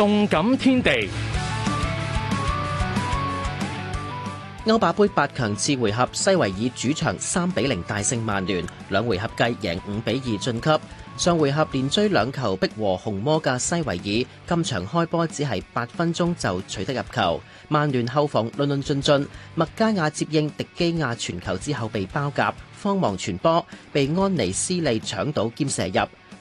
動感天地。歐霸盃八強次回合，西維爾主場三比零大勝曼聯，兩回合計贏五比二晉級。上回合連追兩球逼和紅魔嘅西維爾，今場開波只係八分鐘就取得入球。曼聯後防論論進進，麥加亞接應迪基亞傳球之後被包夾，慌忙傳波被安尼斯利搶到兼射入。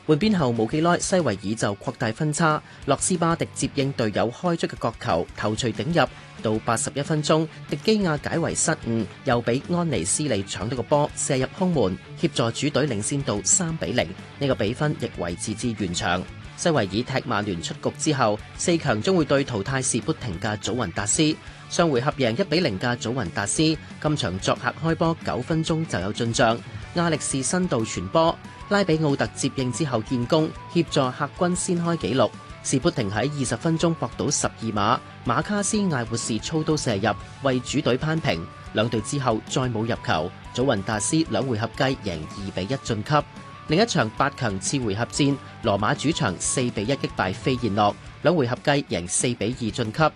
換邊後冇幾耐，西維爾就擴大分差。洛斯巴迪接應隊友開出嘅角球頭槌頂入。到八十一分鐘，迪基亞解圍失誤，又俾安尼斯利搶到個波射入空門，協助主隊領先到三比零。呢個比分亦維持至完場。西維爾踢曼聯出局之後，四強將會對淘汰士砵亭嘅祖雲達斯。上回合贏一比零嘅祖雲達斯，今場作客開波九分鐘就有進賬。亞力士深度傳波，拉比奧特接應之後建功，協助客軍先開紀錄。士砵亭喺二十分鐘博到十二碼，馬卡斯艾活士操刀射入，為主隊攀平。兩隊之後再冇入球，祖雲達斯兩回合計贏二比一晉級。另一場八強次回合戰，羅馬主場四比一擊敗飛燕諾，兩回合計贏四比二晉級。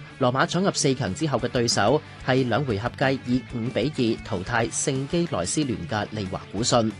羅馬闖入四強之後嘅對手係兩回合計以五比二淘汰聖基萊斯聯嘅利華古遜。